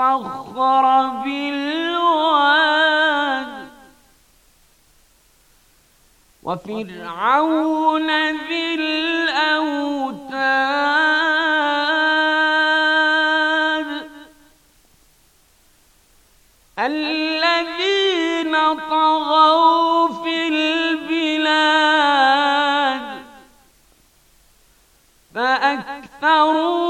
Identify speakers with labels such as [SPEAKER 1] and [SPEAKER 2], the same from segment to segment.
[SPEAKER 1] في بالواد وفرعون ذي الأوتاد الذين طغوا في البلاد فأكثروا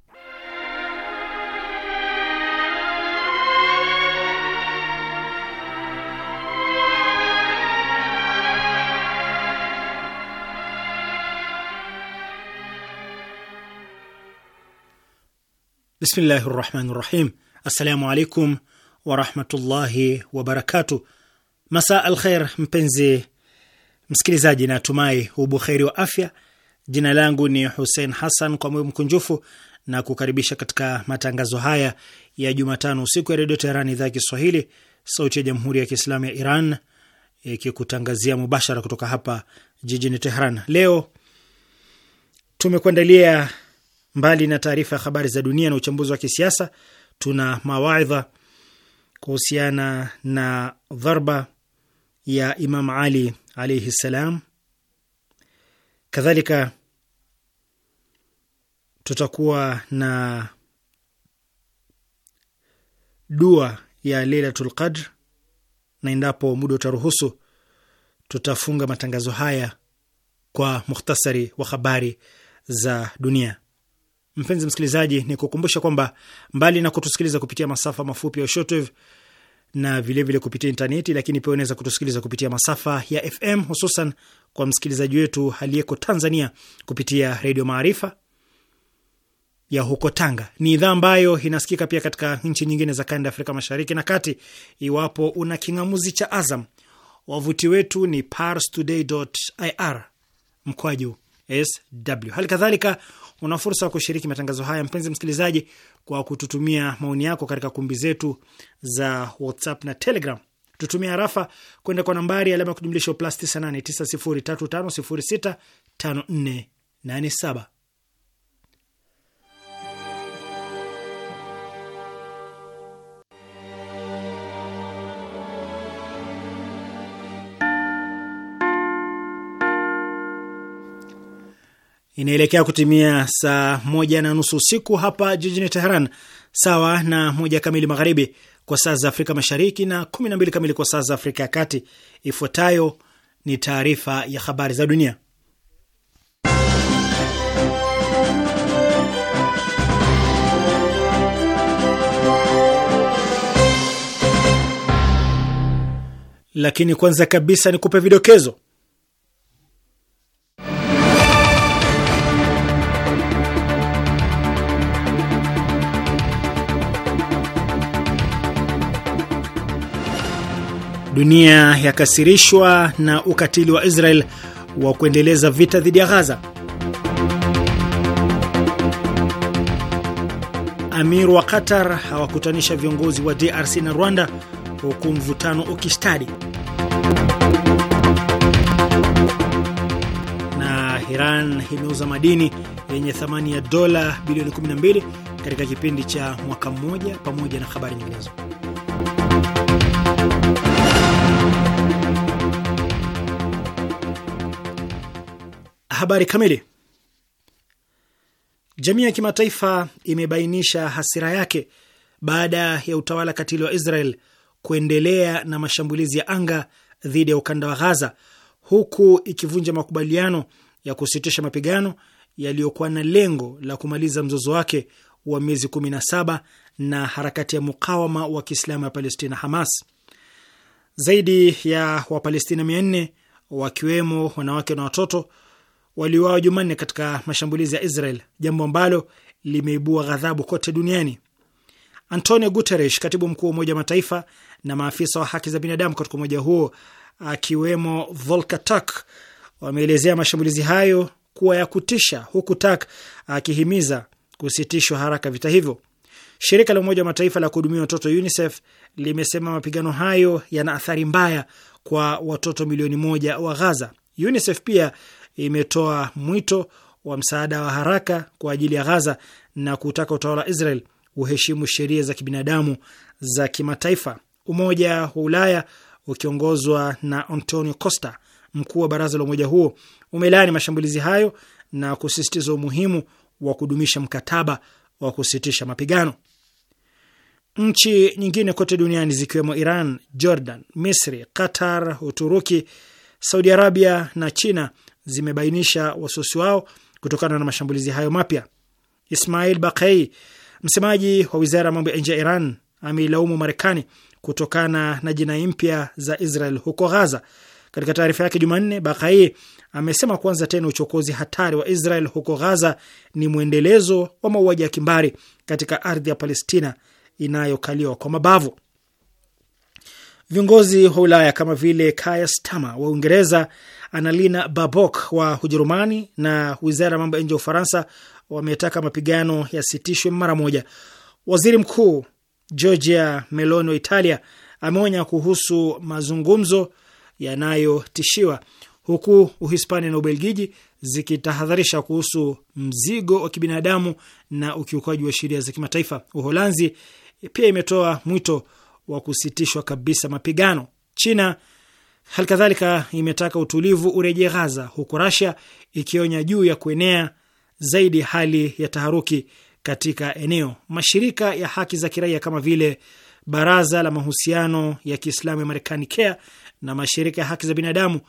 [SPEAKER 2] Bismillahi rahmani rahim. Assalamu alaikum warahmatullahi wabarakatu. Masa al kheir, mpenzi msikilizaji, natumai ubukheri wa afya. Jina langu ni Husein Hassan, kwa moyo mkunjufu na kukaribisha katika matangazo haya ya Jumatano usiku ya Redio Teheran, idhaa ya Kiswahili, sauti ya Jamhuri ya Kiislamu ya Iran, ikikutangazia mubashara kutoka hapa jijini Teheran. Leo tumekuandalia Mbali na taarifa ya habari za dunia na uchambuzi wa kisiasa, tuna mawaidha kuhusiana na dharba ya Imam Ali alaihi ssalam. Kadhalika tutakuwa na dua ya Lailatul Qadr, na endapo muda utaruhusu, tutafunga matangazo haya kwa mukhtasari wa habari za dunia mpenzi msikilizaji, ni kukumbusha kwamba mbali na kutusikiliza kupitia masafa mafupi ya shortwave na vilevile vile kupitia intaneti, lakini pia unaweza kutusikiliza kupitia masafa ya FM, hususan kwa msikilizaji wetu aliyeko Tanzania kupitia Redio Maarifa ya huko Tanga. Ni idhaa ambayo inasikika pia katika nchi nyingine za kanda ya Afrika Mashariki na Kati, iwapo una king'amuzi cha Azam. Wavuti wetu ni parstoday.ir mkwaju sw. Hali kadhalika Una fursa ya kushiriki matangazo haya, mpenzi msikilizaji, kwa kututumia maoni yako katika kumbi zetu za WhatsApp na Telegram. Tutumia rafa kwenda kwa nambari alama ya kujumlisha plus 989035065487. inaelekea kutimia saa moja na nusu usiku hapa jijini Teheran, sawa na moja kamili magharibi kwa saa za Afrika Mashariki na kumi na mbili kamili kwa saa za Afrika ya Kati. Ifuatayo ni taarifa ya habari za dunia, lakini kwanza kabisa ni kupe vidokezo Dunia yakasirishwa na ukatili wa Israel wa kuendeleza vita dhidi ya Ghaza. Amir wa Qatar hawakutanisha viongozi wa DRC na Rwanda huku mvutano ukistadi. Na Iran imeuza madini yenye thamani ya dola bilioni 12 katika kipindi cha mwaka mmoja, pamoja na habari nyinginezo. Habari kamili. Jamii ya kimataifa imebainisha hasira yake baada ya utawala katili wa Israel kuendelea na mashambulizi ya anga dhidi ya ukanda wa Ghaza, huku ikivunja makubaliano ya kusitisha mapigano yaliyokuwa na lengo la kumaliza mzozo wake wa miezi 17 na harakati ya mukawama wa Kiislamu ya Palestina, Hamas. Zaidi ya Wapalestina 400 wakiwemo wanawake na watoto waliuawa Jumanne katika mashambulizi ya Israel, jambo ambalo limeibua ghadhabu kote duniani. Antonio Guterres, katibu mkuu wa Umoja wa Mataifa, na maafisa wa haki za binadamu katika umoja huo akiwemo Volker Turk wameelezea mashambulizi hayo kuwa ya kutisha, huku Turk akihimiza kusitishwa haraka vita hivyo. Shirika la Umoja wa Mataifa la kuhudumia watoto UNICEF limesema mapigano hayo yana athari mbaya kwa watoto milioni moja wa Ghaza. UNICEF pia imetoa mwito wa msaada wa haraka kwa ajili ya Ghaza na kutaka utawala wa Israel uheshimu sheria za kibinadamu za kimataifa. Umoja wa Ulaya ukiongozwa na Antonio Costa, mkuu wa baraza la umoja huo, umelaani mashambulizi hayo na kusisitiza umuhimu wa kudumisha mkataba wa kusitisha mapigano. Nchi nyingine kote duniani zikiwemo Iran, Jordan, Misri, Qatar, Uturuki, Saudi Arabia na China zimebainisha wasiwasi wao kutokana na mashambulizi hayo mapya. Ismail Bakei, msemaji wa wizara ya mambo ya nje ya Iran, ameilaumu Marekani kutokana na jinai mpya za Israel huko Ghaza. Katika taarifa yake Jumanne, Bakai amesema kuanza tena uchokozi hatari wa Israel huko Ghaza ni mwendelezo wa mauaji ya kimbari katika ardhi ya Palestina inayokaliwa kwa mabavu. Viongozi wa Ulaya kama vile Kaya Stama wa Uingereza Annalena Baerbock wa Ujerumani na wizara ya mambo ya nje ya Ufaransa wametaka mapigano yasitishwe mara moja. Waziri Mkuu Giorgia Meloni wa Italia ameonya kuhusu mazungumzo yanayotishiwa, huku Uhispania na Ubelgiji zikitahadharisha kuhusu mzigo wa kibinadamu na ukiukaji wa sheria za kimataifa. Uholanzi pia imetoa mwito wa kusitishwa kabisa mapigano. China Hali kadhalika imetaka utulivu urejee Ghaza, huku Rasia ikionya juu ya kuenea zaidi hali ya taharuki katika eneo. Mashirika ya haki za kiraia kama vile Baraza la Mahusiano ya Kiislamu ya Marekani, CARE, na mashirika ya haki za binadamu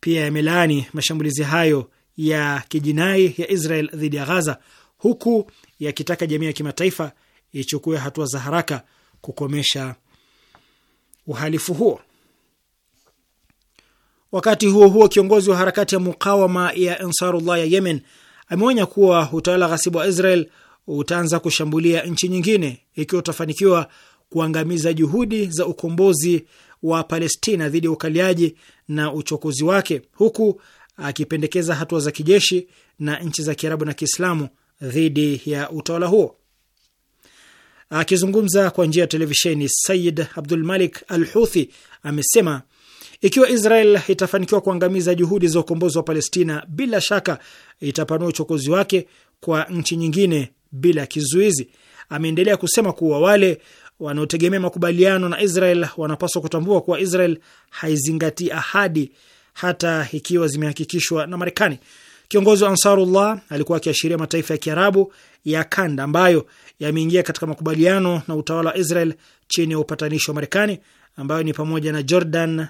[SPEAKER 2] pia yamelaani mashambulizi hayo ya kijinai ya Israel dhidi ya Ghaza, huku yakitaka jamii ya kimataifa ichukue hatua za haraka kukomesha uhalifu huo. Wakati huo huo, kiongozi wa harakati ya mukawama ya Ansarullah ya Yemen ameonya kuwa utawala ghasibu wa Israel utaanza kushambulia nchi nyingine ikiwa utafanikiwa kuangamiza juhudi za ukombozi wa Palestina dhidi ya ukaliaji na uchokozi wake, huku akipendekeza hatua za kijeshi na nchi za Kiarabu na Kiislamu dhidi ya utawala huo. Akizungumza kwa njia ya televisheni, Sayid Abdul Malik Al Huthi amesema ikiwa Israel itafanikiwa kuangamiza juhudi za ukombozi wa Palestina, bila shaka itapanua uchokozi wake kwa nchi nyingine bila kizuizi. Ameendelea kusema kuwa wale wanaotegemea makubaliano na Israel wanapaswa kutambua kuwa Israel haizingatii ahadi hata ikiwa zimehakikishwa na Marekani. Kiongozi wa Ansarullah alikuwa akiashiria mataifa ya Kiarabu ya kanda ambayo yameingia katika makubaliano na utawala wa Israel chini ya upatanishi wa Marekani, ambayo ni pamoja na Jordan,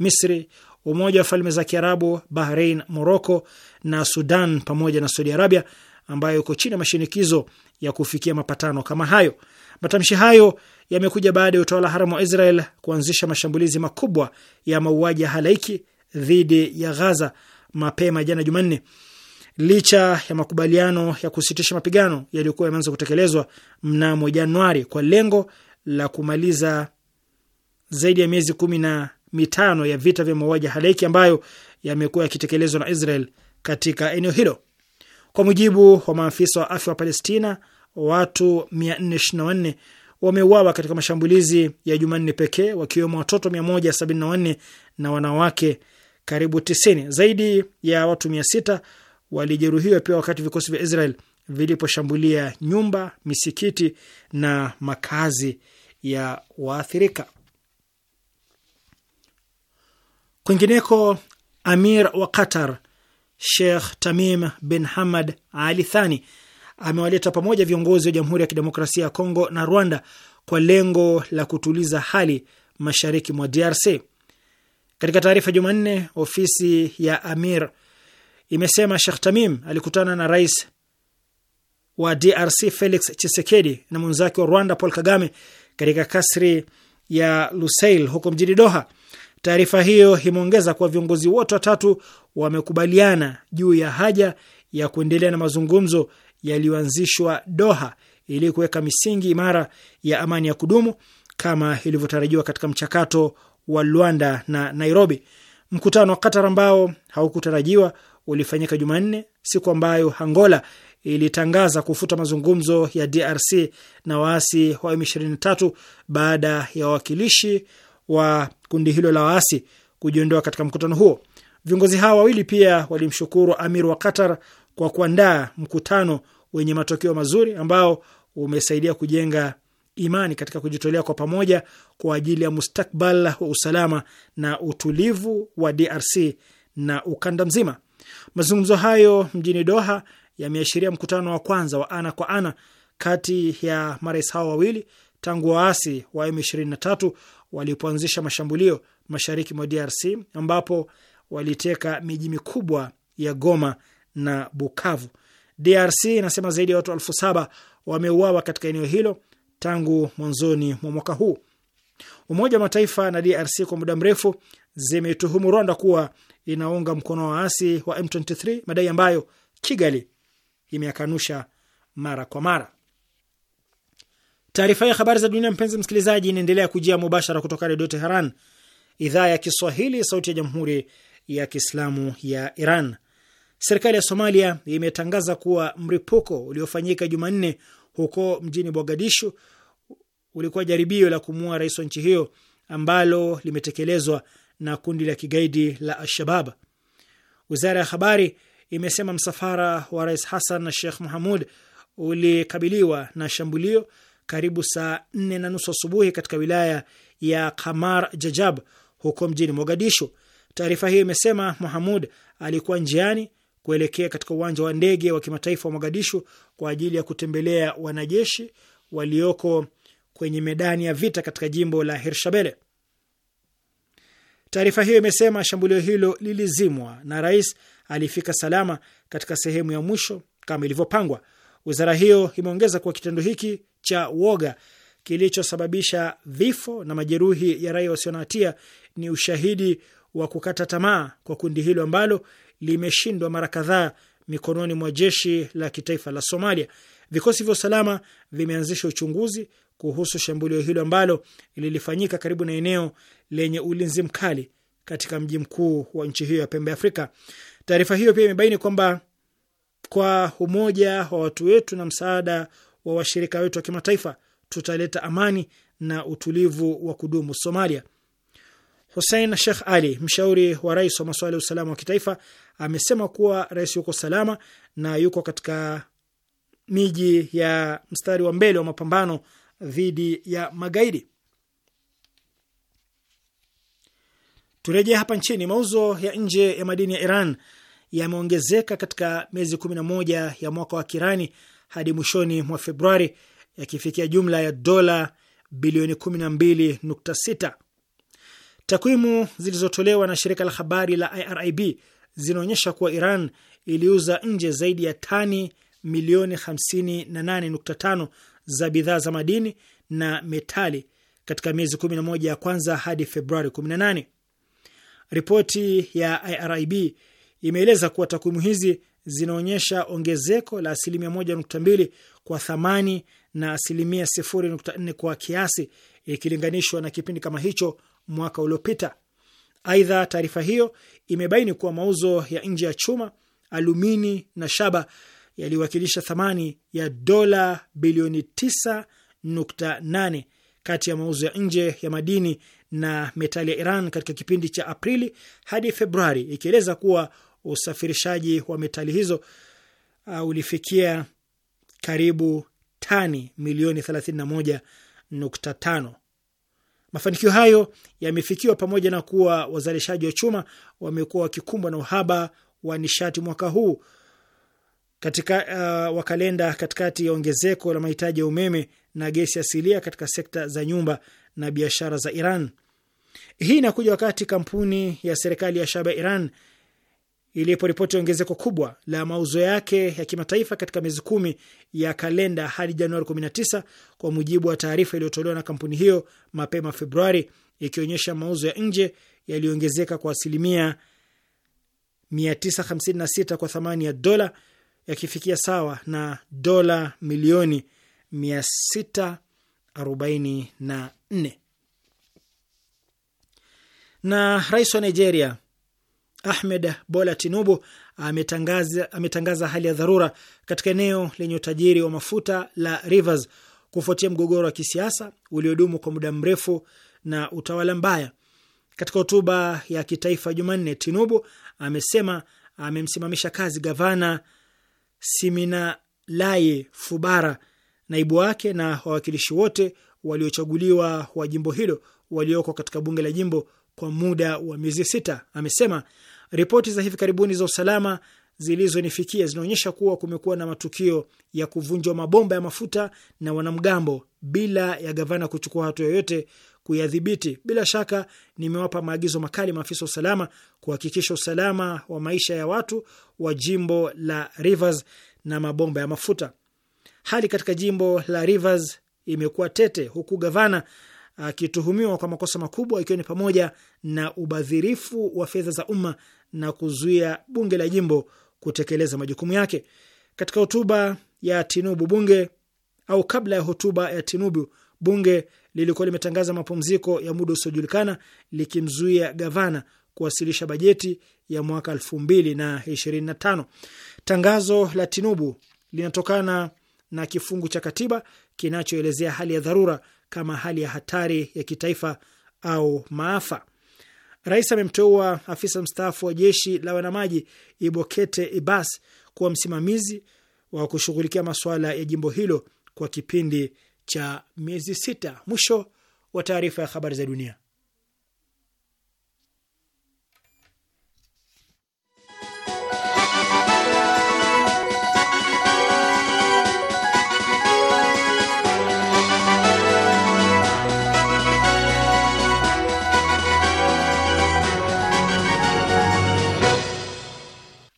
[SPEAKER 2] Misri, Umoja wa Falme za Kiarabu, Bahrein, Moroko na Sudan pamoja na Saudi Arabia ambayo iko chini ya mashinikizo ya kufikia mapatano kama hayo. Matamshi hayo yamekuja baada ya utawala haramu wa Israel kuanzisha mashambulizi makubwa ya mauaji ya halaiki dhidi ya Ghaza mapema jana Jumanne, licha ya makubaliano ya kusitisha mapigano yaliyokuwa yameanza kutekelezwa mnamo Januari kwa lengo la kumaliza zaidi ya miezi kumi na mitano ya vita vya mauaji halaiki ambayo yamekuwa yakitekelezwa na Israel katika eneo hilo. Kwa mujibu wa maafisa wa afya wa Palestina, watu 424 wameuawa katika mashambulizi ya Jumanne pekee, wakiwemo watoto 174 na wanawake karibu 90. Zaidi ya watu 600 walijeruhiwa pia wakati vikosi vya Israel viliposhambulia nyumba, misikiti na makazi ya waathirika. Kwingineko, Amir wa Qatar Sheikh Tamim bin Hamad Ali Thani amewaleta pamoja viongozi wa Jamhuri ya Kidemokrasia ya Kongo na Rwanda kwa lengo la kutuliza hali mashariki mwa DRC. Katika taarifa Jumanne, ofisi ya Amir imesema Sheikh Tamim alikutana na rais wa DRC Felix Tshisekedi na mwenzake wa Rwanda Paul Kagame katika kasri ya Lusail huko mjini Doha Taarifa hiyo imeongeza kuwa viongozi wote watatu wamekubaliana juu ya haja ya kuendelea na mazungumzo yaliyoanzishwa Doha ili kuweka misingi imara ya amani ya kudumu kama ilivyotarajiwa katika mchakato wa Luanda na Nairobi. Mkutano wa Qatar ambao haukutarajiwa ulifanyika Jumanne, siku ambayo Angola ilitangaza kufuta mazungumzo ya DRC na waasi wa M23 baada ya wawakilishi wa kundi hilo la waasi kujiondoa katika mkutano huo. Viongozi hawa wawili pia walimshukuru Amir wa Qatar kwa kuandaa mkutano wenye matokeo mazuri ambao umesaidia kujenga imani katika kujitolea kwa pamoja kwa ajili ya mustakbal wa usalama na utulivu wa DRC na ukanda mzima. Mazungumzo hayo mjini Doha yameashiria mkutano wa kwanza wa ana kwa ana kati ya marais hao wawili tangu waasi wa M23 walipoanzisha mashambulio mashariki mwa DRC ambapo waliteka miji mikubwa ya Goma na Bukavu. DRC inasema zaidi ya watu elfu saba wameuawa katika eneo hilo tangu mwanzoni mwa mwaka huu. Umoja wa Mataifa na DRC kwa muda mrefu zimetuhumu Rwanda kuwa inaunga mkono wa waasi wa M23, madai ambayo Kigali imeyakanusha mara kwa mara. Taarifa ya habari za dunia, mpenzi msikilizaji, inaendelea kujia mubashara kutoka Redio Teheran, idhaa ya Kiswahili, sauti ya jamhuri ya kiislamu ya Iran. Serikali ya Somalia imetangaza kuwa mripuko uliofanyika Jumanne huko mjini Mogadishu ulikuwa jaribio la kumuua rais wa nchi hiyo ambalo limetekelezwa na kundi la kigaidi la Alshabab. Wizara ya habari imesema msafara wa rais Hassan na Sheikh Muhamud ulikabiliwa na shambulio karibu saa nne na nusu asubuhi katika wilaya ya Kamar Jajab huko mjini Mogadishu. Taarifa hiyo imesema Muhamud alikuwa njiani kuelekea katika uwanja wa ndege wa kimataifa wa Mogadishu kwa ajili ya kutembelea wanajeshi walioko kwenye medani ya vita katika jimbo la Hirshabele. Taarifa hiyo imesema shambulio hilo lilizimwa na rais alifika salama katika sehemu ya mwisho kama ilivyopangwa. Wizara hiyo imeongeza kuwa kitendo hiki cha woga kilichosababisha vifo na majeruhi ya raia wasio na hatia ni ushahidi wa kukata tamaa kwa kundi hilo ambalo limeshindwa mara kadhaa mikononi mwa jeshi la kitaifa la Somalia. Vikosi vya usalama vimeanzisha uchunguzi kuhusu shambulio hilo ambalo lilifanyika karibu na eneo lenye ulinzi mkali katika mji mkuu wa nchi hiyo ya pembe Afrika. Taarifa hiyo pia imebaini kwamba kwa umoja wa watu wetu na msaada wa washirika wetu wa kimataifa tutaleta amani na utulivu wa kudumu Somalia. Hussein Sheikh Ali, mshauri wa rais wa masuala ya usalama wa kitaifa, amesema kuwa rais yuko salama na yuko katika miji ya mstari wa mbele wa mapambano dhidi ya magaidi. Turejee hapa nchini. Mauzo ya nje ya madini ya Iran yameongezeka katika miezi kumi na moja ya mwaka wa Kirani hadi mwishoni mwa Februari yakifikia jumla ya dola bilioni 12.6. Takwimu zilizotolewa na shirika la habari la IRIB zinaonyesha kuwa Iran iliuza nje zaidi ya tani milioni 58.5 za bidhaa za madini na metali katika miezi 11 ya kwanza hadi Februari 18. Ripoti ya IRIB imeeleza kuwa takwimu hizi zinaonyesha ongezeko la asilimia mbili kwa thamani na asilimia nne kwa kiasi ikilinganishwa na kipindi kama hicho mwaka uliopita. Aidha, taarifa hiyo imebaini kuwa mauzo ya nje ya chuma, alumini na shaba yaliwakilisha thamani ya dola bilioni 9.8 kati ya mauzo ya nje ya madini na metali ya Iran katika kipindi cha Aprili hadi Februari, ikieleza kuwa usafirishaji wa metali hizo uh, ulifikia karibu tani milioni 31.5. Mafanikio hayo yamefikiwa pamoja na kuwa wazalishaji wa chuma wamekuwa wakikumbwa na uhaba wa nishati mwaka huu katika uh, wa kalenda katikati ya ongezeko la mahitaji ya umeme na gesi asilia katika sekta za nyumba na biashara za Iran. Hii inakuja wakati kampuni ya serikali ya Shaba Iran iliporipoti ongezeko kubwa la mauzo yake ya kimataifa katika miezi kumi ya kalenda hadi Januari 19 kwa mujibu wa taarifa iliyotolewa na kampuni hiyo mapema Februari, ikionyesha mauzo ya nje yaliyoongezeka kwa asilimia 956 kwa thamani ya dola, yakifikia sawa na dola milioni 644. Na rais wa Nigeria Ahmed Bola Tinubu ametangaza, ametangaza hali ya dharura katika eneo lenye utajiri wa mafuta la Rivers kufuatia mgogoro wa kisiasa uliodumu kwa muda mrefu na utawala mbaya. Katika hotuba ya kitaifa Jumanne, Tinubu amesema amemsimamisha kazi gavana Siminalayi Fubara, naibu wake na wawakilishi wote waliochaguliwa wa jimbo hilo walioko katika bunge la jimbo kwa muda wa miezi sita. Amesema Ripoti za hivi karibuni za usalama zilizonifikia zinaonyesha kuwa kumekuwa na matukio ya kuvunjwa mabomba ya mafuta na wanamgambo bila ya gavana kuchukua hatua yoyote kuyadhibiti. Bila shaka nimewapa maagizo makali maafisa wa usalama kuhakikisha usalama wa maisha ya watu wa jimbo la Rivers na mabomba ya mafuta. Hali katika jimbo la Rivers imekuwa tete, huku gavana akituhumiwa kwa makosa makubwa, ikiwa ni pamoja na ubadhirifu wa fedha za umma na kuzuia bunge la jimbo kutekeleza majukumu yake. Katika hotuba ya Tinubu bunge au kabla ya hotuba ya Tinubu bunge lilikuwa limetangaza mapumziko ya muda usiojulikana likimzuia gavana kuwasilisha bajeti ya mwaka elfu mbili na ishirini na tano. Tangazo la Tinubu linatokana na kifungu cha katiba kinachoelezea hali ya dharura kama hali ya hatari ya kitaifa au maafa. Rais amemteua afisa mstaafu wa jeshi la wanamaji Ibokete Ibas kuwa msimamizi wa kushughulikia masuala ya jimbo hilo kwa kipindi cha miezi sita. Mwisho wa taarifa ya habari za dunia.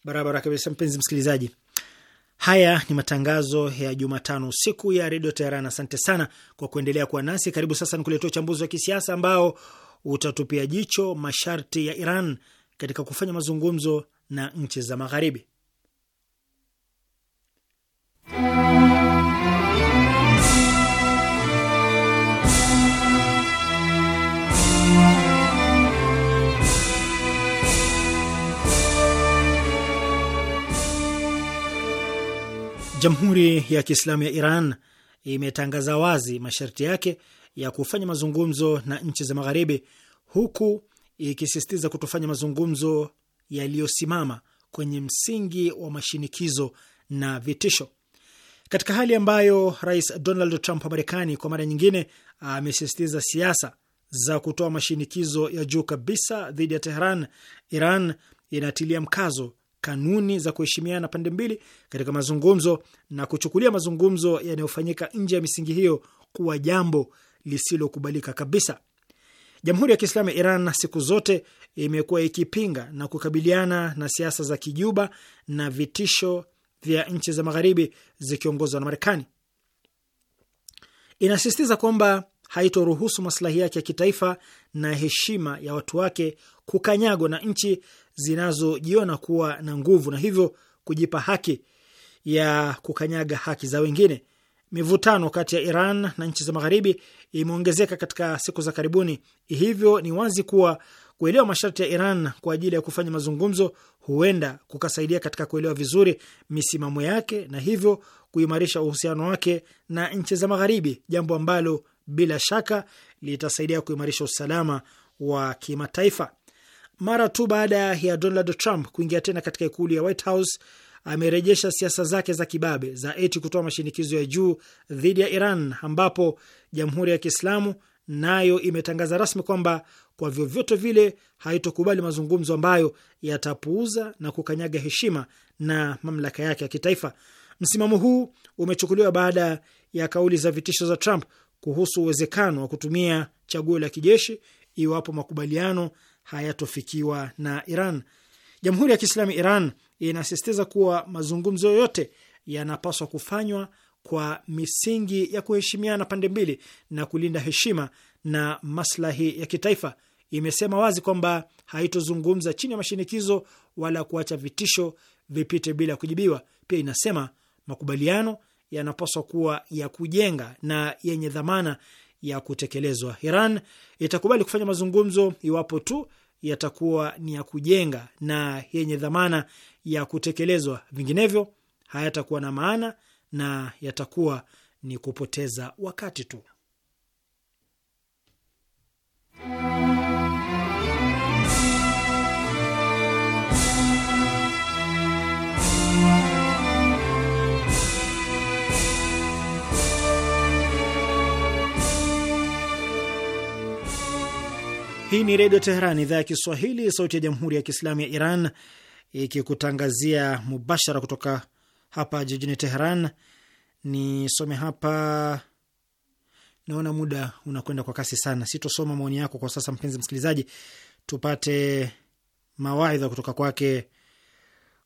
[SPEAKER 2] Barabara kabisa, mpenzi msikilizaji. Haya ni matangazo ya Jumatano usiku ya redio Teheran. Asante sana kwa kuendelea kuwa nasi. Karibu sasa ni kuletea uchambuzi wa kisiasa ambao utatupia jicho masharti ya Iran katika kufanya mazungumzo na nchi za Magharibi. Jamhuri ya Kiislamu ya Iran imetangaza wazi masharti yake ya kufanya mazungumzo na nchi za Magharibi, huku ikisisitiza kutofanya mazungumzo yaliyosimama kwenye msingi wa mashinikizo na vitisho, katika hali ambayo Rais Donald Trump wa Marekani kwa mara nyingine amesisitiza siasa za kutoa mashinikizo ya juu kabisa dhidi ya Tehran. Iran inatilia mkazo kanuni za kuheshimiana pande mbili katika mazungumzo na kuchukulia mazungumzo yanayofanyika nje ya misingi hiyo kuwa jambo lisilokubalika kabisa. Jamhuri ya Kiislamu ya Iran siku zote imekuwa ikipinga na kukabiliana na siasa za kijuba na vitisho vya nchi za Magharibi zikiongozwa na Marekani. Inasisitiza kwamba haitoruhusu maslahi yake ya kitaifa na heshima ya watu wake kukanyagwa na nchi zinazojiona kuwa na nguvu na hivyo kujipa haki ya kukanyaga haki za wengine. Mivutano kati ya Iran na nchi za magharibi imeongezeka katika siku za karibuni, hivyo ni wazi kuwa kuelewa masharti ya Iran kwa ajili ya kufanya mazungumzo huenda kukasaidia katika kuelewa vizuri misimamo yake na hivyo kuimarisha uhusiano wake na nchi za magharibi, jambo ambalo bila shaka litasaidia kuimarisha usalama wa kimataifa. Mara tu baada ya Donald Trump kuingia tena katika ikulu ya White House, amerejesha siasa zake za kibabe za eti kutoa mashinikizo ya juu dhidi ya Iran, ambapo Jamhuri ya Kiislamu nayo imetangaza rasmi kwamba kwa vyovyote vile haitokubali mazungumzo ambayo yatapuuza na kukanyaga heshima na mamlaka yake ya kitaifa. Msimamo huu umechukuliwa baada ya kauli za vitisho za Trump kuhusu uwezekano wa kutumia chaguo la kijeshi iwapo makubaliano hayatofikiwa na Iran. Jamhuri ya Kiislamu Iran inasisitiza kuwa mazungumzo yoyote yanapaswa kufanywa kwa misingi ya kuheshimiana pande mbili na kulinda heshima na maslahi ya kitaifa. Imesema wazi kwamba haitozungumza chini ya mashinikizo wala kuacha vitisho vipite bila kujibiwa. Pia inasema makubaliano yanapaswa kuwa ya kujenga na yenye dhamana ya kutekelezwa. Iran itakubali kufanya mazungumzo iwapo tu yatakuwa ni ya kujenga na yenye dhamana ya kutekelezwa, vinginevyo hayatakuwa na maana na yatakuwa ni kupoteza wakati tu. Hii ni Redio Teheran, idhaa ya Kiswahili, sauti ya Jamhuri ya Kiislamu ya Iran, ikikutangazia mubashara kutoka hapa jijini Teheran. Nisome hapa, naona muda unakwenda kwa kasi sana, sitosoma maoni yako kwa sasa, mpenzi msikilizaji. Tupate mawaidha kutoka kwake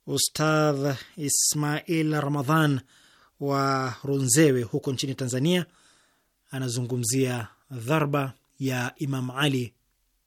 [SPEAKER 2] Ustadh Ismail Ramadhan wa Runzewe huko nchini Tanzania. Anazungumzia dharba ya Imam Ali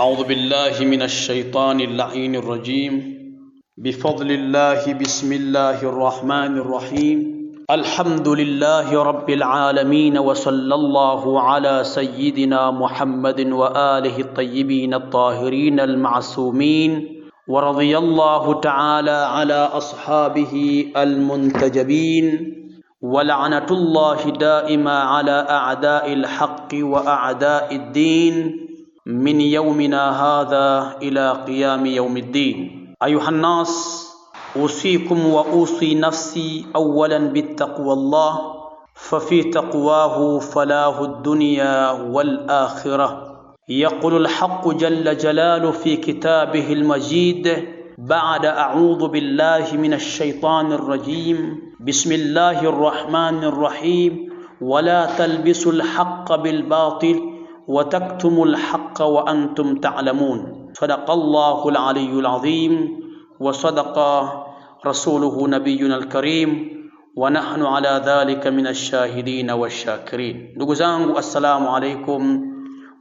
[SPEAKER 3] أعوذ بالله من الشيطان اللعين الرجيم بفضل الله بسم الله الرحمن الرحيم الحمد لله رب العالمين وصلى الله على سيدنا محمد وآله الطيبين الطاهرين المعصومين ورضي الله تعالى على أصحابه المنتجبين ولعنة الله دائما على أعداء الحق وأعداء الدين من يومنا هذا إلى قيام يوم الدين أيها الناس أوصيكم وأوصي نفسي أولا بالتقوى الله ففي تقواه فلاه الدنيا والآخرة يقول الحق جل جلاله في كتابه المجيد بعد أعوذ بالله من الشيطان الرجيم بسم الله الرحمن الرحيم ولا تلبسوا الحق بالباطل وتكتموا الحق وأنتم تعلمون صدق الله العلي العظيم وصدق رسوله نبينا الكريم ونحن على ذلك من الشاهدين والشاكرين نقول السلام عليكم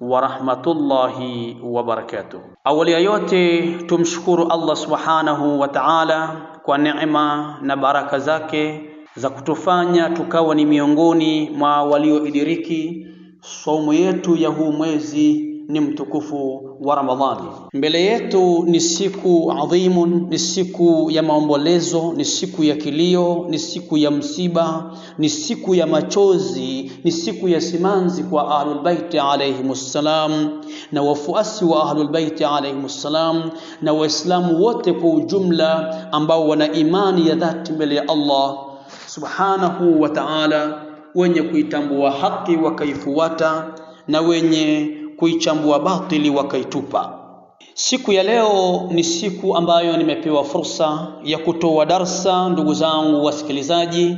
[SPEAKER 3] wa rahmatullahi wa barakatuh. Awali ya yote tumshukuru Allah subhanahu wa ta'ala kwa neema na baraka zake za kutufanya tukawa ni miongoni mwa walioidiriki saumu yetu ya huu mwezi ni mtukufu wa Ramadhani. Mbele yetu ni siku adhimu, ni siku ya maombolezo, ni siku ya kilio, ni siku ya msiba, ni siku ya machozi, ni siku ya simanzi kwa Ahlul Baiti alayhimussalam na wafuasi wa Ahlul Baiti salam na Waislamu wote kwa ujumla ambao wana imani ya dhati mbele ya Allah subhanahu wa ta'ala, wenye kuitambua haki wakaifuata na wenye kuichambua batili wakaitupa. Siku ya leo ni siku ambayo nimepewa fursa ya kutoa darsa. Ndugu zangu wasikilizaji,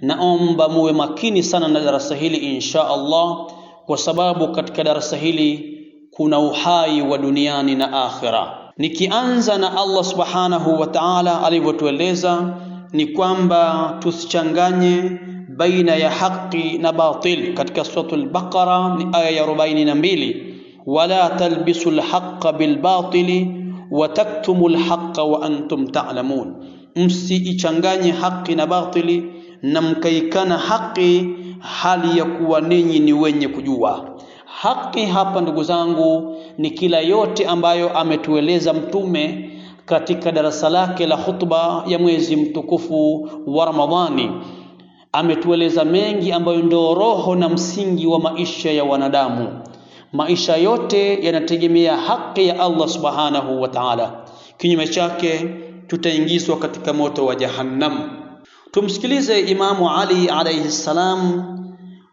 [SPEAKER 3] naomba muwe makini sana na darasa hili insha Allah, kwa sababu katika darasa hili kuna uhai wa duniani na akhira. Nikianza na Allah subhanahu wa ta'ala alivyotueleza ni kwamba tusichanganye baina ya haqi na batil katika suratul Baqara ni aya ya 42, wala talbisu lhaqa bilbatili wataktumu lhaqa wa antum ta'lamun, msiichanganye haqi na batili na mkaikana haqi hali ya kuwa ninyi ni wenye kujua. Haki hapa ndugu zangu ni kila yote ambayo ametueleza Mtume katika darasa lake la hutuba ya mwezi mtukufu wa Ramadhani ametueleza mengi ambayo ndio roho na msingi wa maisha ya wanadamu. Maisha yote yanategemea haki ya Allah subhanahu wa ta'ala, kinyume chake tutaingizwa katika moto wa Jahannam. Tumsikilize Imamu Ali alayhi salam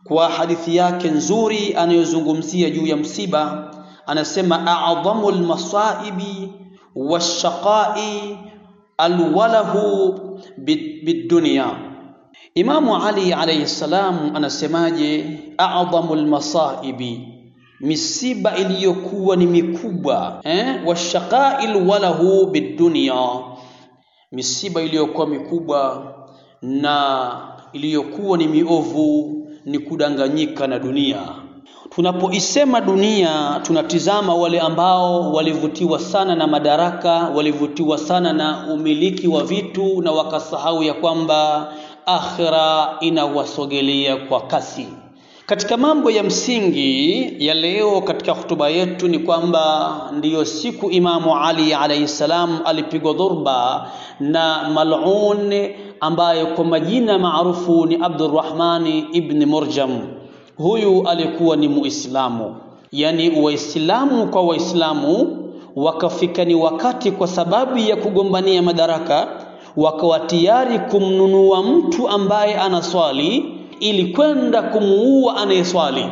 [SPEAKER 3] kwa hadithi yake nzuri anayozungumzia juu ya msiba, anasema a'dhamu almasaibi washaqai alwalahu bidunya Imamu Ali alayhi salam anasemaje? adhamul masaibi, misiba iliyokuwa ni mikubwa eh? washaqail walahu bidunia, misiba iliyokuwa mikubwa na iliyokuwa ni miovu ni kudanganyika na dunia. Tunapoisema dunia, tunatizama wale ambao walivutiwa sana na madaraka, walivutiwa sana na umiliki wa vitu na wakasahau ya kwamba akhira inawasogelea kwa kasi. Katika mambo ya msingi ya leo katika hotuba yetu ni kwamba ndiyo siku Imamu Ali alayhi salam alipigwa dhurba na mal'un ambaye kwa majina maarufu ni Abdurrahmani ibn Murjam. Huyu alikuwa ni Muislamu, yani Waislamu kwa Waislamu wakafikani wakati kwa sababu ya kugombania madaraka wakawa tayari kumnunua mtu ambaye anaswali ili kwenda kumuua anayeswali.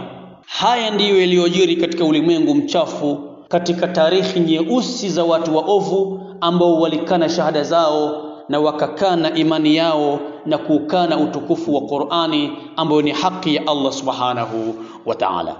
[SPEAKER 3] Haya ndiyo yaliyojiri katika ulimwengu mchafu, katika tarehe nyeusi za watu wa ovu ambao walikana shahada zao na wakakana imani yao na kuukana utukufu wa Qur'ani ambayo ni haki ya Allah Subhanahu wa Ta'ala.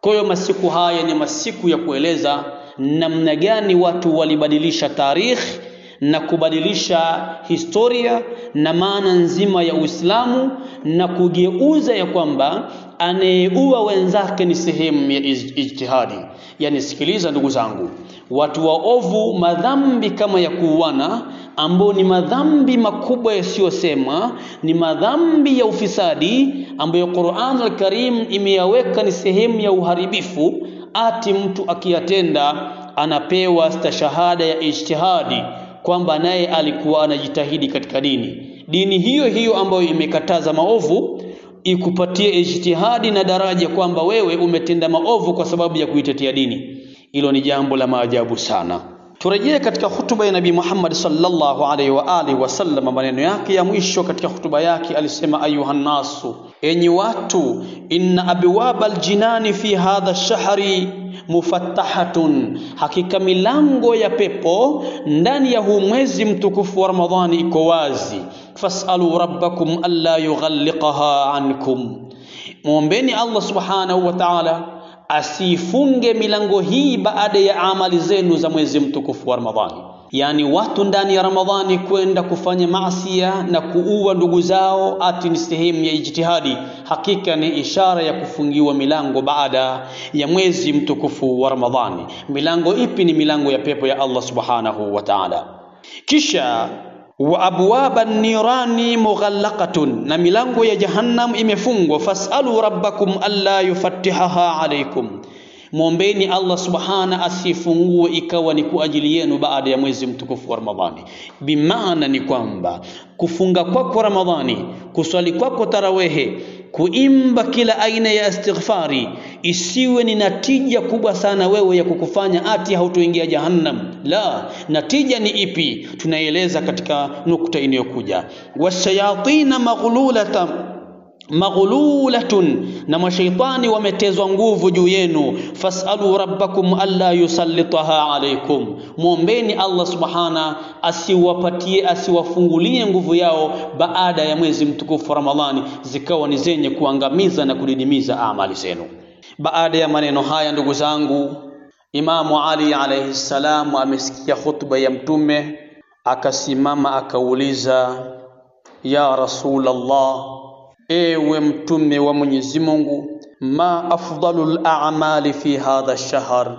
[SPEAKER 3] Kwa hiyo masiku haya ni masiku ya kueleza namna gani watu walibadilisha tarikhi na kubadilisha historia na maana nzima ya Uislamu na kugeuza ya kwamba anayeua wenzake ni sehemu ya ijtihadi. Yani, sikiliza ndugu zangu, watu waovu, madhambi kama ya kuuana ambao ni madhambi makubwa yasiyosema, ni madhambi ya ufisadi ambayo Qur'an al-Karim imeyaweka ni sehemu ya uharibifu, ati mtu akiyatenda anapewa stashahada ya ijtihadi kwamba naye alikuwa anajitahidi katika dini. Dini hiyo hiyo ambayo imekataza maovu ikupatie ijtihadi na daraja kwamba wewe umetenda maovu kwa sababu ya kuitetea dini. Hilo ni jambo la maajabu sana. Turejee katika hutuba ya Nabii Muhammad sallallahu alaihi wa alihi wasallam, maneno yake ya mwisho katika hutuba yake alisema: ayuha nasu, enyi watu, inna abwaba aljinani fi hadha shahri mufattahatun, hakika milango ya pepo ndani ya huu mwezi mtukufu wa Ramadhani iko wazi. Fasalu rabbakum alla yughalliqaha ankum, mwombeni Allah subhanahu wa ta'ala asifunge milango hii baada ya amali zenu za mwezi mtukufu wa Ramadhani yani watu ndani ya Ramadhani kwenda kufanya maasia na kuua ndugu zao, ati ni sehemu ya ijtihadi, hakika ni ishara ya kufungiwa milango baada ya mwezi mtukufu wa Ramadhani. Milango ipi? Ni milango ya pepo ya Allah subhanahu wa ta'ala. Kisha wa abwaba nirani mughallaqatun, na milango ya jahannam imefungwa. Fasalu rabbakum alla yufattihaha alaykum mwombeni Allah subhana asifungue ikawa ni kwa ajili yenu baada ya mwezi mtukufu wa Ramadhani. Bimaana ni kwamba kufunga kwako kwa Ramadhani, kuswali kwako kwa tarawehe, kuimba kila aina ya istighfari isiwe ni natija kubwa sana wewe ya kukufanya ati hautoingia jahannam. La, natija ni ipi? Tunaeleza katika nukta inayokuja, washayatina maghlulata maghlulatun, na mashaitani wametezwa nguvu juu yenu. Fasalu rabbakum alla yusallitaha alaikum, mwombeni Allah subhana asiwapatie asiwafungulie nguvu yao baada ya mwezi mtukufu wa Ramadhani, zikawa ni zenye kuangamiza na kudidimiza amali zenu. Baada ya maneno haya, ndugu zangu, Imamu Ali alayhi salam amesikia khutba ya Mtume, akasimama akauliza, ya Rasulullah Ewe Mtume wa Mwenyezi Mungu, ma afdalul a'mali fi hadha ash-shahr,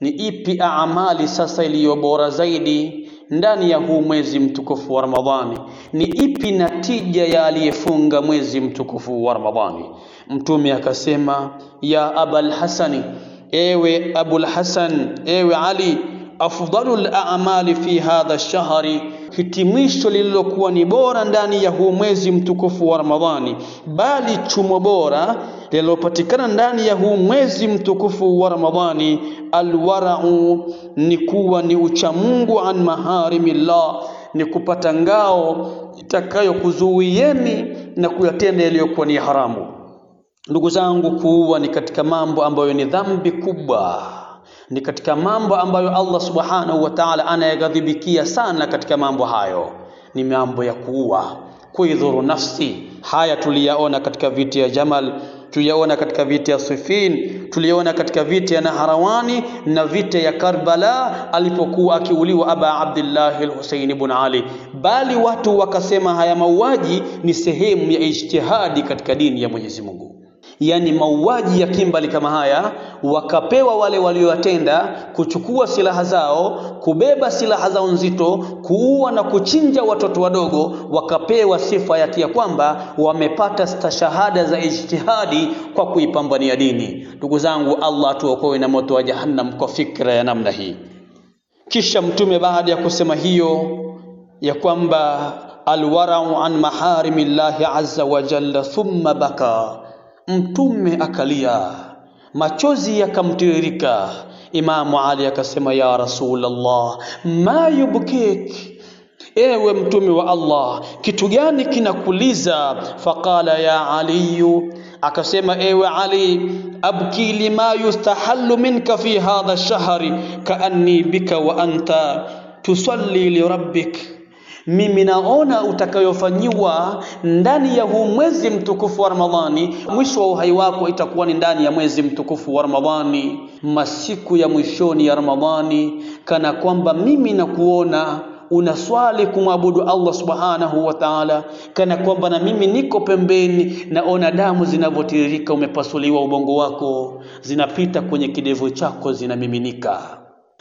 [SPEAKER 3] ni ipi amali sasa iliyo bora zaidi ndani ya huu mwezi mtukufu wa Ramadhani? Ni ipi natija ya aliyefunga mwezi mtukufu wa Ramadhani? Mtume akasema, ya abal hasani, ewe abul hasan, ewe Ali, afdalul a'mali fi hadha ash-shahri hitimisho lililokuwa ni bora ndani ya huu mwezi mtukufu wa Ramadhani, bali chumo bora linalopatikana ndani ya huu mwezi mtukufu wa Ramadhani, alwarau ni kuwa ni uchamungu an maharimillah, ni kupata ngao itakayokuzuieni na kuyatenda yaliyokuwa ni haramu. Ndugu zangu, kuua ni katika mambo ambayo ni dhambi kubwa ni katika mambo ambayo Allah subhanahu wa ta'ala anayeghadhibikia sana. Katika mambo hayo ni mambo ya kuua, kuidhuru nafsi. Haya tuliyaona katika viti ya Jamal, tuliyaona katika vita ya Siffin, tuliyaona katika vita ya Naharawani na viti ya Karbala alipokuwa akiuliwa Aba Abdillahi al-Husaini ibn Ali. Bali watu wakasema haya mauaji ni sehemu ya ijtihadi katika dini ya Mwenyezi Mungu yani mauaji ya kimbali kama haya, wakapewa wale waliowatenda kuchukua silaha zao, kubeba silaha zao nzito, kuua na kuchinja watoto wadogo, wakapewa sifa yati ya kwamba wamepata stashahada za ijtihadi kwa kuipambania dini. Ndugu zangu, Allah atuokoe na moto wa Jahannam kwa fikra ya namna hii. Kisha Mtume baada ya kusema hiyo ya kwamba alwarau an maharimillahi azza wa jalla thumma baka Mtume akalia, machozi yakamtiririka. Imamu Ali akasema, ya Rasulullah, ma yubkik Ewe mtume wa Allah, kitu gani kinakuliza? Faqala ya Aliyu, akasema ewe Ali, abki lima yustahallu minka fi hadha shahri kaanni bika wa anta tusalli li rabbik mimi naona utakayofanyiwa ndani ya huu mwezi mtukufu wa Ramadhani. Mwisho wa uhai wako itakuwa ni ndani ya mwezi mtukufu wa Ramadhani, masiku ya mwishoni ya Ramadhani, kana kwamba mimi nakuona unaswali kumwabudu Allah subhanahu wa ta'ala, kana kwamba na mimi niko pembeni, naona damu zinavyotiririka, umepasuliwa ubongo wako, zinapita kwenye kidevu chako, zinamiminika.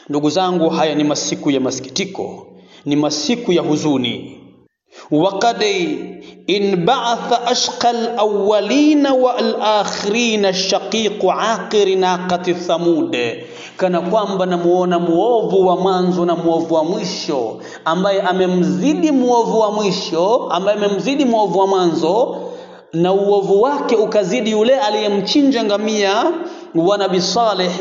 [SPEAKER 3] Ndugu zangu, haya ni masiku ya masikitiko ni masiku ya huzuni waqad in ba'atha ashqa al walakhirina wa al shaqiqu aqir naqati thamud kana kwamba namuona muovu wa mwanzo na muovu wa mwisho ambaye amemzidi muovu wa mwisho ambaye amemzidi muovu wa mwanzo na uovu wake ukazidi yule aliyemchinja ngamia wa Nabii Saleh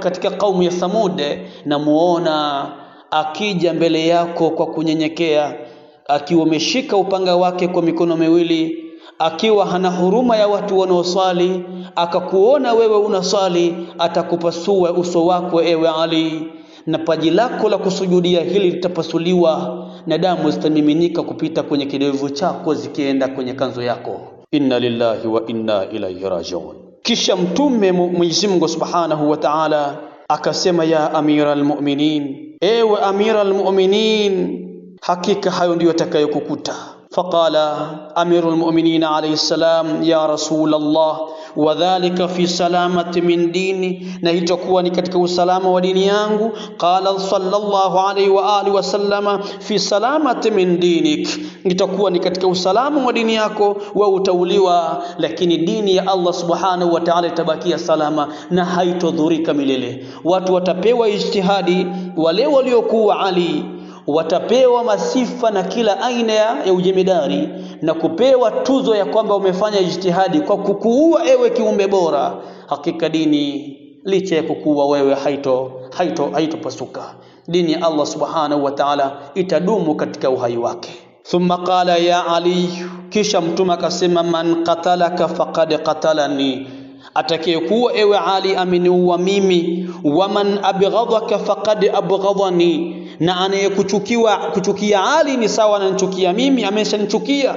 [SPEAKER 3] katika kaumu ya Thamud namuona akija mbele yako kwa kunyenyekea, akiwa ameshika upanga wake kwa mikono miwili, akiwa hana huruma ya watu wanaoswali akakuona wewe unaswali atakupasua uso wako, ewe Ali, na paji lako la kusujudia hili litapasuliwa na damu zitamiminika kupita kwenye kidevu chako zikienda kwenye kanzo yako. Inna lillahi wa inna ilaihi rajiun. Kisha Mtume Mwenyezi Mungu Subhanahu wa Ta'ala akasema, ya amira almu'minin Ewe Amira almuminin, hakika hayo ndiyo yatakayokukuta. فقال امير المؤمنين عليه السلام يا رسول الله wadhalika fi salamati min dini, na itakuwa ni katika usalama wa dini yangu. Qala sallallahu alaihi wa alihi wasallama, fi salamati min dinik, itakuwa ni katika usalama wa dini yako, wa utauliwa, lakini dini ya Allah subhanahu wa ta'ala itabakia salama na haitodhurika milele. Watu watapewa ijtihadi, wale waliokuwa Ali watapewa masifa na kila aina ya ujemedari na kupewa tuzo ya kwamba umefanya ijtihadi kwa kukuua ewe kiumbe bora. Hakika dini licha ya kukuua wewe haito haito haitopasuka. Dini ya Allah subhanahu wa ta'ala itadumu katika uhai wake. Thumma qala ya Ali, kisha mtume akasema, man qatalaka faqad qatalani atakayekuwa ewe Ali ameniua mimi, waman abghadhaka faqad abghadhani na anayekuchukiwa kuchukia Ali ni sawa ananchukia mimi, ameshanichukia.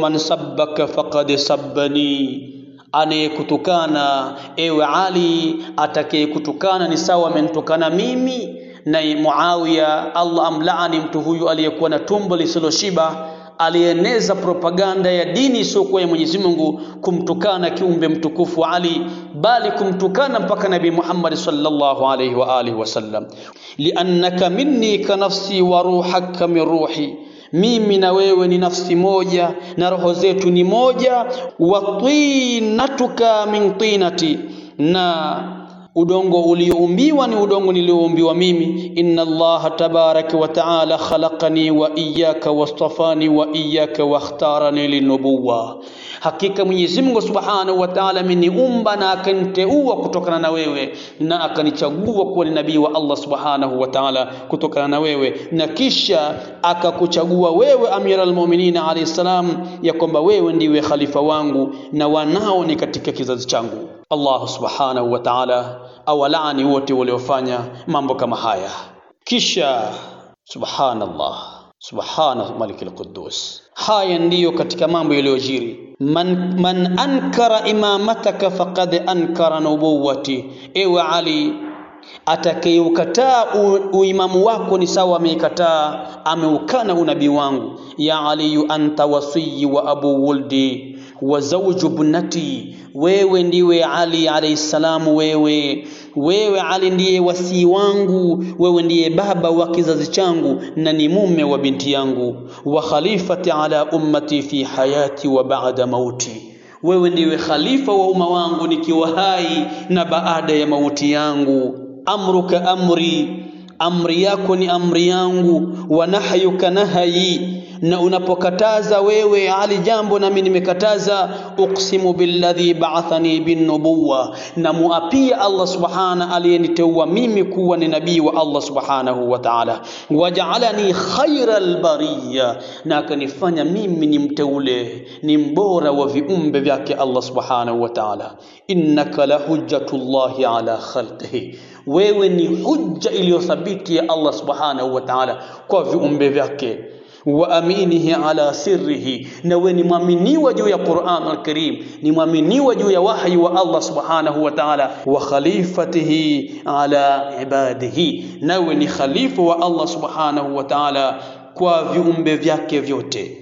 [SPEAKER 3] man sabbaka faqad sabbani, anayekutukana ewe Ali, atakayekutukana ni sawa amenitukana mimi. Na Muawiya, Allah amlaani mtu huyu aliyekuwa na tumbo lisiloshiba alieneza propaganda ya dini isiyokuwa ya Mwenyezi Mungu, kumtukana kiumbe mtukufu Ali, bali kumtukana mpaka Nabii Muhammad sallallahu alaihi wa alihi wasallam. liannaka minni ka nafsi wa ruhaka min ruhi mimi na wewe ni nafsi moja na roho zetu ni moja. wa tinatuka min tinati na udongo ulioumbiwa ni udongo nilioumbiwa mimi. inna Allaha tabaraka wa taala khalaqani wa iyyaka wastafani wa iyyaka wakhtarani linubuwa, hakika Mwenyezi Mungu subhanahu wa taala ameniumba na akaniteua kutokana na wewe na akanichagua kuwa ni nabii wa Allah subhanahu wa taala kutokana na wewe, na kisha akakuchagua wewe Amira almu'minin alayhi salam, ya kwamba wewe ndiwe khalifa wangu na wanao ni katika kizazi changu. Allah subhanahu wa taala awalaani wote waliofanya mambo kama haya. Kisha subhanallah subhana malikil quddus. Haya ndiyo katika mambo yaliyojiri. Man, man ankara imamataka faqad ankara nubuwati. Ewe Ali, atakayeukataa uimamu wako ni sawa ameikataa ameukana unabii wangu. Ya Aliyu anta wasiyi wa abu wuldi wa zawju bnati, wewe ndiwe Ali alayhi salamu, wewe wewe Ali ndiye wasii wangu, wewe ndiye baba wa kizazi changu na ni mume wa binti yangu. Wa khalifati ala ummati fi hayati wa ba'da mauti wewe ndiwe khalifa wa umma wangu nikiwa hai na baada ya mauti yangu. Amruka amri, amri yako ni amri yangu. Wa nahyuka nahayi na unapokataza wewe Ali jambo nami nimekataza, uksimu billadhi ba'athani binnubuwa na muapia Allah subhana aliyeniteua mimi kuwa ni nabii wa Allah subhanahu wa ta'ala, waja'alani khairal bariya, na akanifanya mimi ni mteule ni mbora wa viumbe vyake Allah subhanahu wa ta'ala. Innaka la hujjatullahi ala khalqihi wewe ni hujja iliyothabiti ya Allah subhanahu wa ta'ala kwa viumbe vyake wa aminihi ala sirrihi, na we ni mwaminiwa juu ya Qur'an al-Karim, ni mwaminiwa juu ya wahyi wa Allah subhanahu wa ta'ala. Wa khalifatihi ala ibadihi, nawe ni khalifa wa Allah subhanahu wa ta'ala kwa viumbe vyake vyote.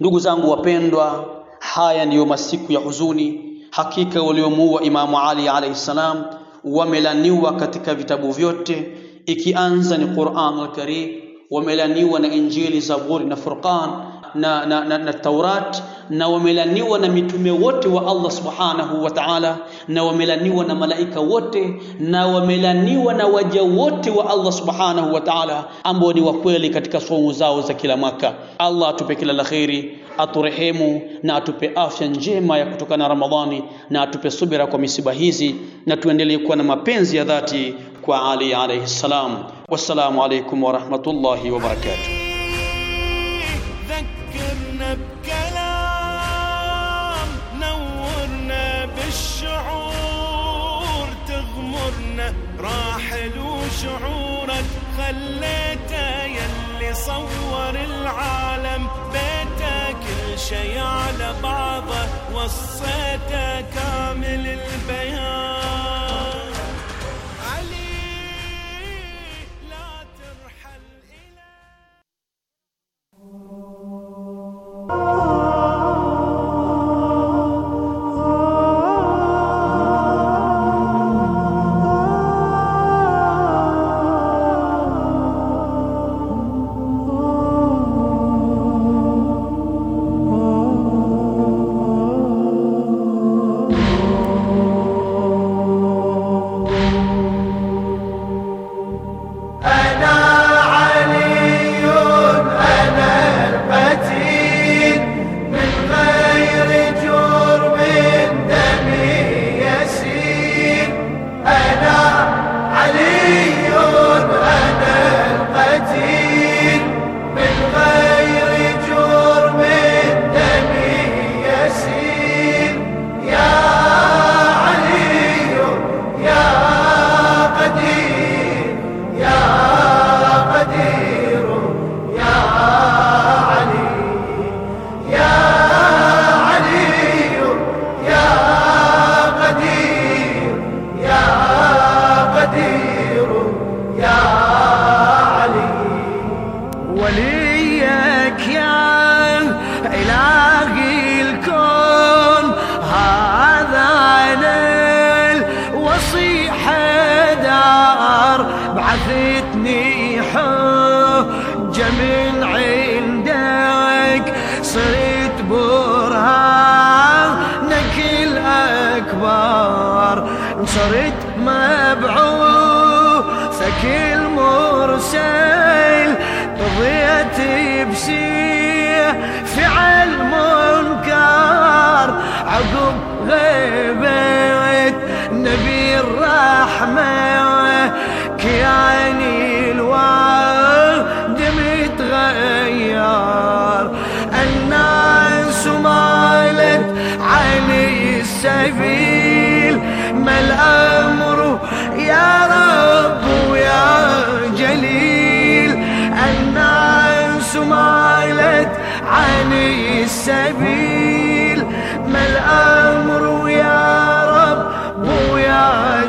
[SPEAKER 3] Ndugu zangu wapendwa, haya ndiyo masiku ya huzuni. Hakika waliomuua Imamu Ali alayhi salam wamelaniwa katika vitabu vyote, ikianza ni Qur'an al-Karim wamelaniwa na Injili, Zaburi na Furqan na, na, na, na Taurat na wamelaniwa na mitume wote wa Allah subhanahu wa ta'ala, na wamelaniwa na malaika wote, na wamelaniwa na waja wote wa Allah subhanahu wa ta'ala ambao ni wakweli katika somo zao za kila mwaka. Allah atupe kila la kheri, aturehemu na atupe afya njema ya kutokana na Ramadhani, na atupe subira kwa misiba hizi, na tuendelee kuwa na mapenzi ya dhati وعلي عليه السلام والسلام عليكم ورحمة الله وبركاته
[SPEAKER 4] ذكرنا بكلام
[SPEAKER 5] نورنا بالشعور تغمرنا راحل وشعورك خليته يلي صور العالم بيته كل شيء على بعضه وصيته كامل البيان الحجة من عندك صرت برهانك الأكبر صرت مبعوثك المرسل قضيت بشي فعل منكر عقب غيبة نبي الرحمن علي السبيل ما الامر يا رب ويا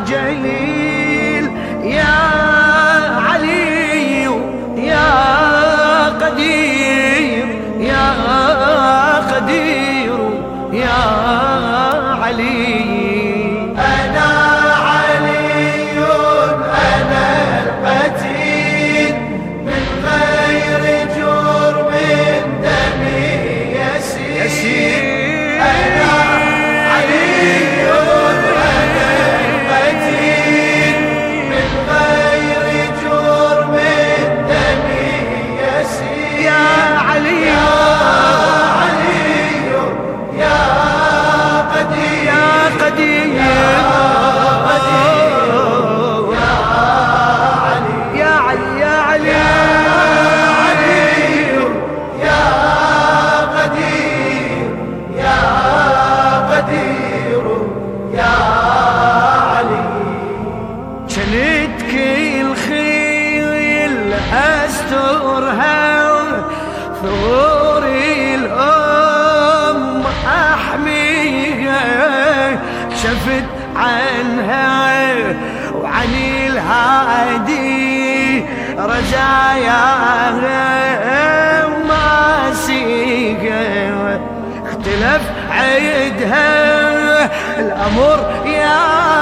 [SPEAKER 5] امر يا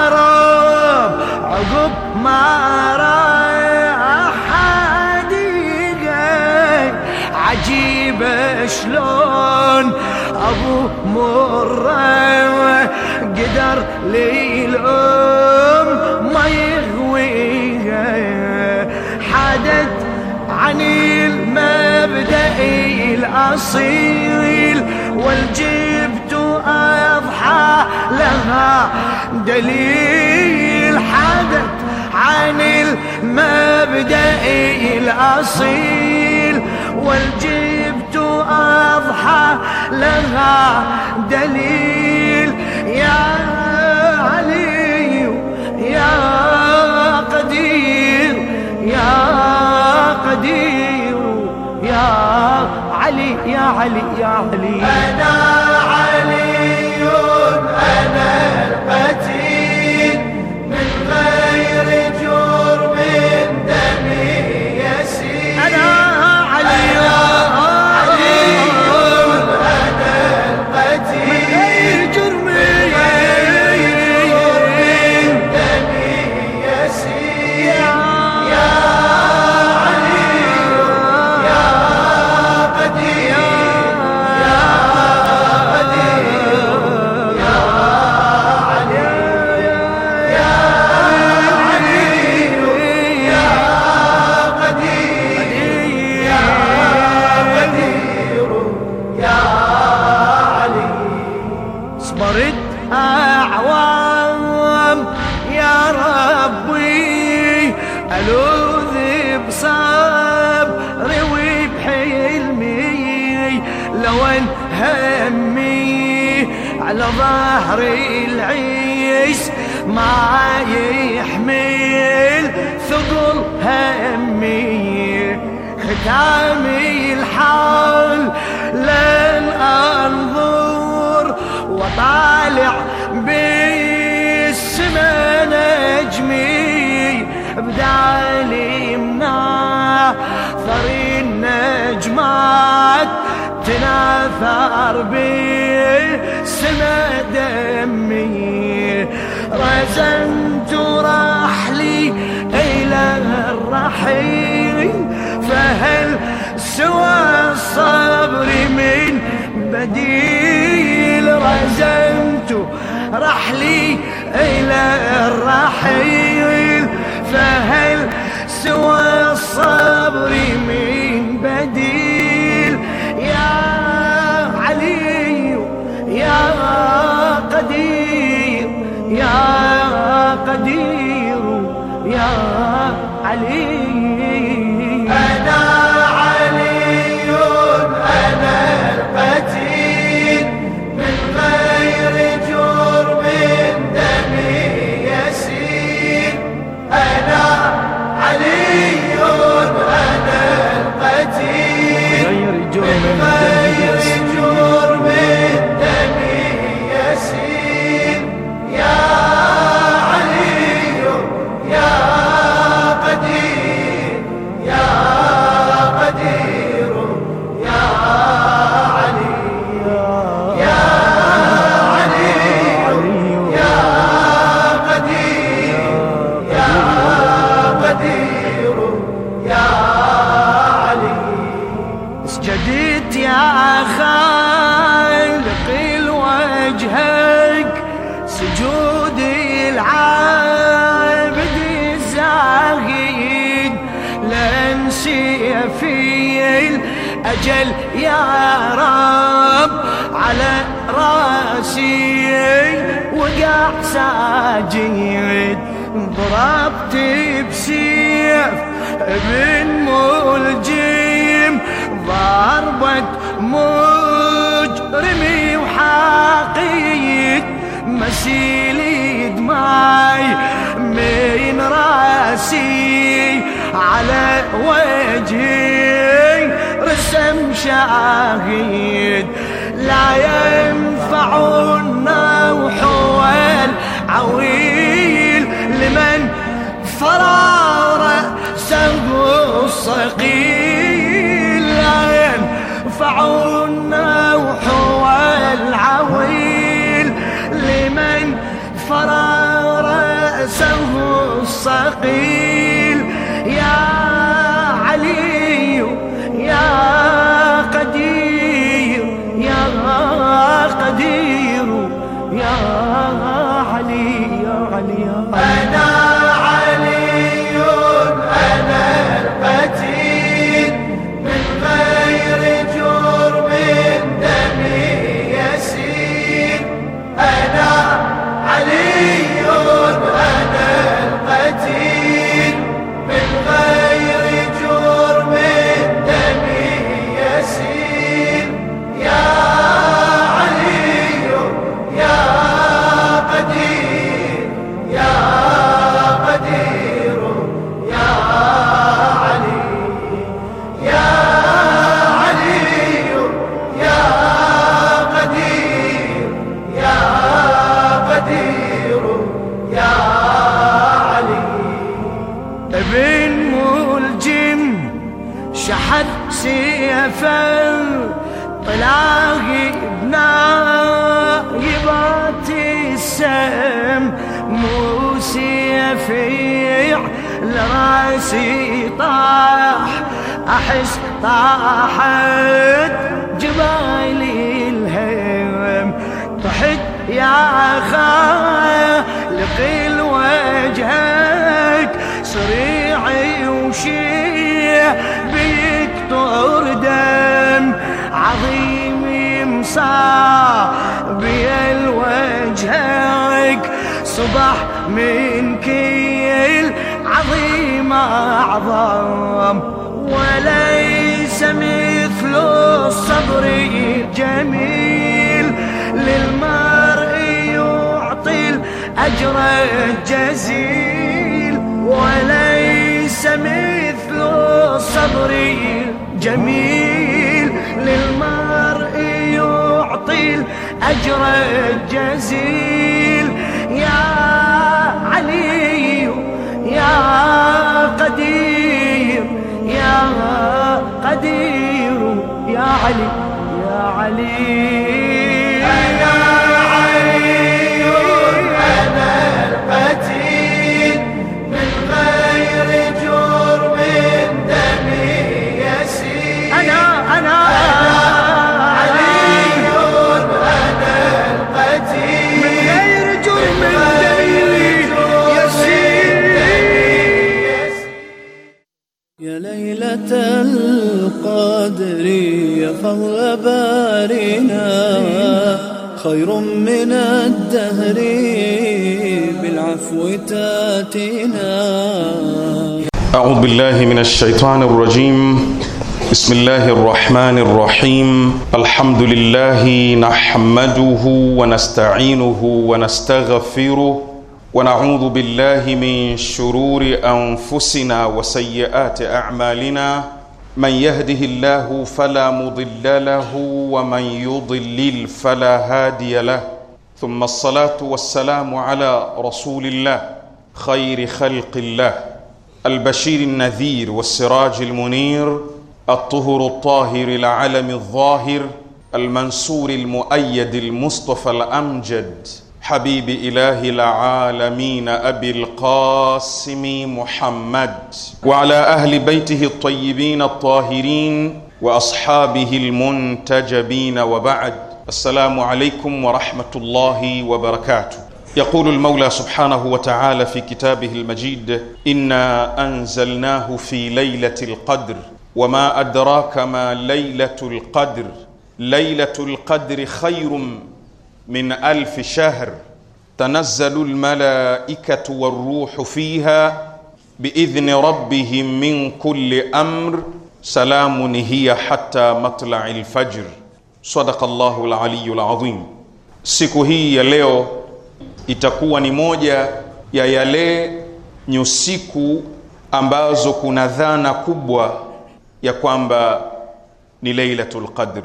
[SPEAKER 5] رب عقب ما رايح احد عجيب شلون ابو مره قدر لي الام ما يغويها حدد عن المبدا الاصيل والجيل لها دليل حدث عن المبدأ الأصيل والجبت أضحى لها دليل يا علي يا قدير يا قدير يا علي يا علي يا علي أنا
[SPEAKER 6] Spirit, your
[SPEAKER 5] وقتنا بي سما دمي رزنت رحلي إلى الرحيل فهل سوى الصبر من بديل رزمت رحلي إلى الرحيل فهل سوى الصبر من Ali طاحت جبال الهم طحت يا خالق الوجهك صريعي وشيع بيك تردم عظيم يمسى بيا الوجهك صبح من كيل عظيم أعظم ليس مثل الصبر جميل للمرء يعطي الأجر الجزيل وليس مثل الصبر جميل للمرء يعطي الأجر الجزيل يا علي يا قدير يا قدير
[SPEAKER 6] يا علي يا علي أنا علي أنا القتيل من غير جرم دمي يسير أنا أنا علي من غير يسير
[SPEAKER 7] يا
[SPEAKER 5] ليلة فهو بارنا خير من الدهر بالعفو تاتينا
[SPEAKER 8] أعوذ بالله من الشيطان الرجيم بسم الله الرحمن الرحيم الحمد لله نحمده ونستعينه ونستغفره ونعوذ بالله من شرور أنفسنا وسيئات أعمالنا من يهده الله فلا مضل له ومن يضلل فلا هادي له ثم الصلاه والسلام على رسول الله خير خلق الله البشير النذير والسراج المنير الطهر الطاهر العلم الظاهر المنصور المؤيد المصطفى الامجد حبيب إله العالمين أبي القاسم محمد وعلى أهل بيته الطيبين الطاهرين وأصحابه المنتجبين وبعد السلام عليكم ورحمة الله وبركاته يقول المولى سبحانه وتعالى في كتابه المجيد إنا أنزلناه في ليلة القدر وما أدراك ما ليلة القدر ليلة القدر خير min alfi shahr tanazzalu almalaikatu waruhu fiha biidhni rabbihim min kulli amr salamun hiya hatta matlai lfajr. Sadaqa Allahu laliyu ladhim. Siku hii ya leo itakuwa ni moja ya yale nyusiku ambazo kuna dhana kubwa ya kwamba ni Lailatul Qadr.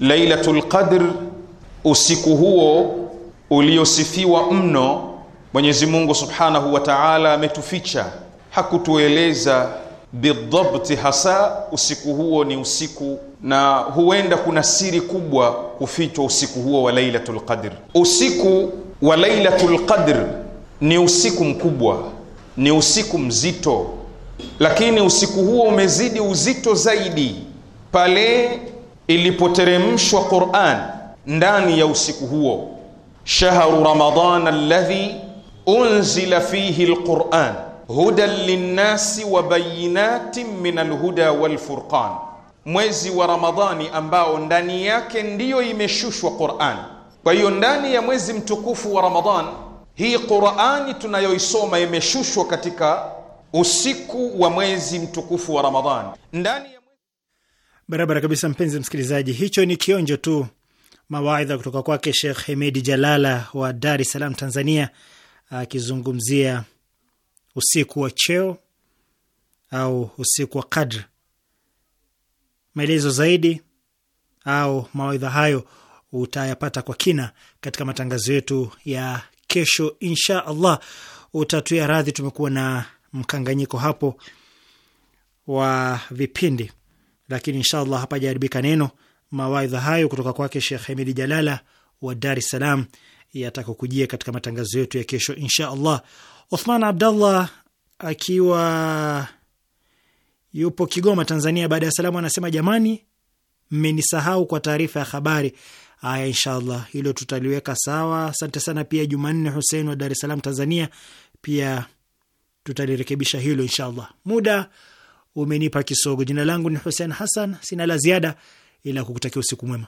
[SPEAKER 8] Lailatul Qadr usiku huo uliosifiwa mno mwenyezi mungu subhanahu wa taala ametuficha hakutueleza bidhabti hasa usiku huo ni usiku na huenda kuna siri kubwa kufichwa usiku huo wa lailatu lqadr usiku wa lailatu lqadr ni usiku mkubwa ni usiku mzito lakini usiku huo umezidi uzito zaidi pale ilipoteremshwa quran ndani ya usiku huo, shahru Ramadhan alladhi unzila fihi alquran hudan linnasi wa bayinatin min alhuda walfurqan, mwezi wa Ramadhani ambao ndani yake ndiyo imeshushwa Quran. Kwa hiyo ndani ya mwezi mtukufu wa Ramadhan hii Qurani tunayoisoma imeshushwa katika usiku wa mwezi mtukufu wa Ramadhan ndani ya mwezi...
[SPEAKER 2] barabara kabisa, mpenzi msikilizaji, hicho ni kionjo tu mawaidha kutoka kwake Shekh Hemedi Jalala wa Dar es Salaam, Tanzania, akizungumzia usiku wa cheo au usiku wa kadri. Maelezo zaidi au mawaidha hayo utayapata kwa kina katika matangazo yetu ya kesho, insha Allah. Utatuia radhi, tumekuwa na mkanganyiko hapo wa vipindi, lakini insha Allah hapajaharibika neno mawaidha hayo kutoka kwake Shekh Hamidi Jalala wa Dar es Salaam yatakokujia katika matangazo yetu ya kesho insha Allah. Uthman Abdallah akiwa yupo Kigoma, Tanzania, baada ya salamu anasema jamani, mmenisahau kwa taarifa ya habari. Aya, insha Allah hilo tutaliweka sawa. Asante sana. Pia Jumanne Husein wa Dar es Salaam, Tanzania, pia tutalirekebisha hilo insha Allah. Muda umenipa kisogo. Jina langu ni Husein Hassan, sina la ziada ila kukutakia usiku mwema.